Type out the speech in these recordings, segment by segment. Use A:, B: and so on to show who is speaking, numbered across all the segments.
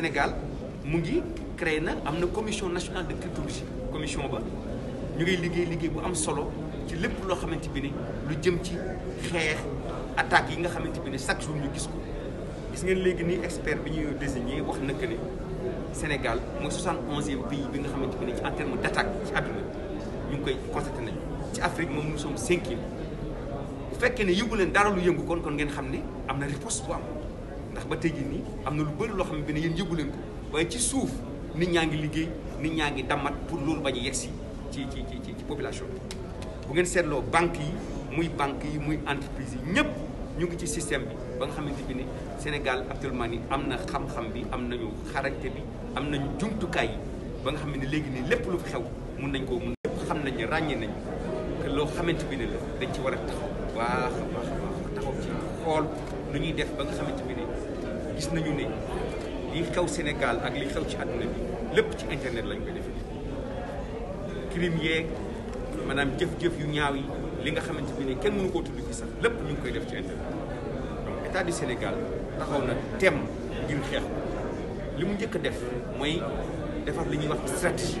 A: Sénégal mu ngi créé na am commission nationale de culture, commission ba ñu ngi liggéey liggéey bu am solo ci lépp loo xamante bi ne lu jëm ci xeex attaques yi nga xamante bi ne chaque jour ñu gis ko gis ngeen léegi nii expert bi ñuy désigné wax na que ne Sénégal mooy 71e pays bi nga xamante bi ne ci en terme d'attaque, attaque ci àdduna ñu ngi koy constaté nañu ci Afrique moom nous sommes cinquième bu fekkee ne yëngu leen dara lu yëngu kon kon ngeen xam ne am na riposte ndax ba tey jii nii am na lu bëri loo xam ne yéen yëgu leen ko waaye ci suuf nit ñaa ngi liggéey nit ñaa ngi damat pour loolu bañ a yegsi ci ci ci ci population bi. bu ngeen seetloo banque yi muy banque yi muy entreprise yi ñëpp ñu ngi ci système bi ba nga xamante bi ni Sénégal actuellement ni am na xam-xam bi am nañu xarañte bi am nañu jumtukaay yi ba nga xam ne léegi nii lépp lu xew mun nañ ko mun lépp xam nañ ràññee nañ que loo xamante bi ne la dañ ci war a taxaw baax a baax taxaw ci xool lu ñuy def ba nga xamante bi ne gis nañu ne li xew Sénégal ak li xew ci àdduna bi lépp ci internet lañ koy defee crime yeeg maanaam jëf-jëf yu ñaaw yi li nga xamante bi ne kenn mënu koo tudd ci sax lépp ñu ngi koy def ci internet donc état du Sénégal taxaw na tem ngir xeex li mu njëkk def mooy defar li ñuy wax stratégie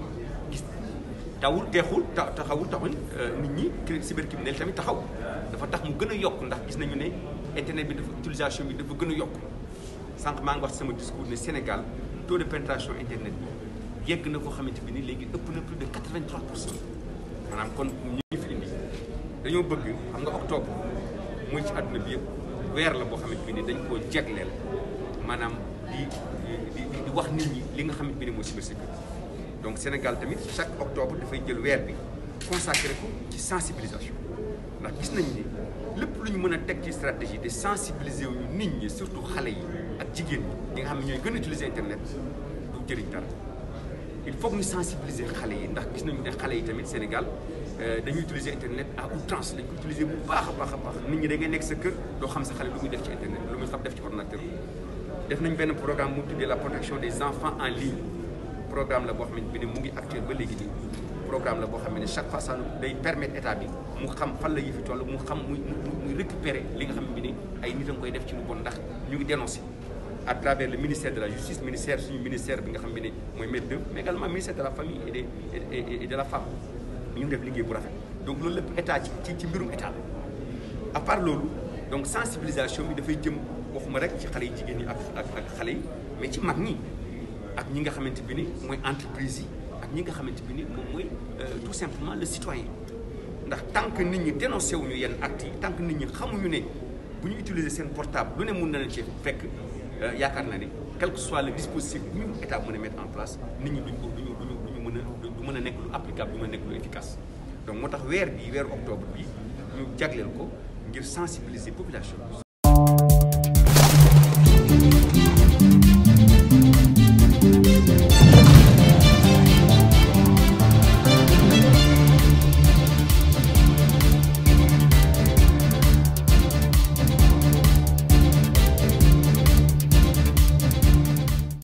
A: تاول تخول تخول تخول نيني سيبر كيمنيل تامي تخاو دافا تاخ مو غنا يوك نداخ غيس نانيو ني انترنت بي دوتيليزاسيون بي دافا غنا يوك سانك ما نغوخ سما ديسكور ني سينيغال تو دو بينتراسيون انترنت بي ييغ نكو خاميتي بي ني ليغي اوب نو بلو دو 83% مانام كون نيغي في اندي دانيو بوغ خامغا اوكتوبر موي سي ادنا بي وير لا بو خاميتي بي ني دنج كو جيغليل مانام دي دي دي واخ نيت ني ليغا خاميتي بي ني مو سيبر سيكوريتي donc Sénégal tamit chaque octobre il jël weer bi consacré ko ci sensibilisation ndax gis nañ ni lépp lu ñu mën a ci stratégie de sensibiliser les nit ñi surtout xale yi ak jigéen ñi nga gën utiliser internet du jëriñ dara il faut que nous sensibiliser les yi ndax gis vu que les yi tamit Sénégal euh, dañuy utiliser internet à outrance Ils ko utiliser bu baax a baax a baax nit ñi da ngay nekk sa kër doo xam sa xale lu def ci internet lu muy def ci ordinateur def nañ benn programme mu tuddee la protection des enfants en ligne programme la boo xam ne bi mu ngi actuel ba légui programme la boo xam chaque fois ça day permettre état bi mu xam fan la yifi fi toll mu xam muy muy récupérer li nga xam bi ni ay nit koy def ci lu bon ndax ñu ngi dénoncer à travers le ministère de la justice ministère suñu ministère bi nga xam ne ni mooy maître mais également ministère de la famille et des et de la femme ñu def liggéey bu rafet donc loolu lepp état ci ci mbirum état à part loolu donc sensibilisation bi da fay jëm waxuma rek ci xalé yi jigéen yi ak ak ak xale yi mais ci mag ñi ak ñi nga xamante bi ni mooy entreprise yi ak ñi nga xamante bi ni moom mooy euh, tout simplement le citoyen ndax tant que nit ñi dénoncé wuñu yenn actes yi tant que nit ñi xamuñu ne bu ñu utiliser seen portable lu ne mun na leen ci fekk euh, yaakaar na ni quel que soit le dispositif bu ñu état mën a mettre en place nit ñi duñ ko duñu duñu duñu mën a du mën a nekk lu applicable du mën a nekk lu efficace donc moo tax weer bii weeru octobre bi ñu jagleel ko ngir sensibiliser population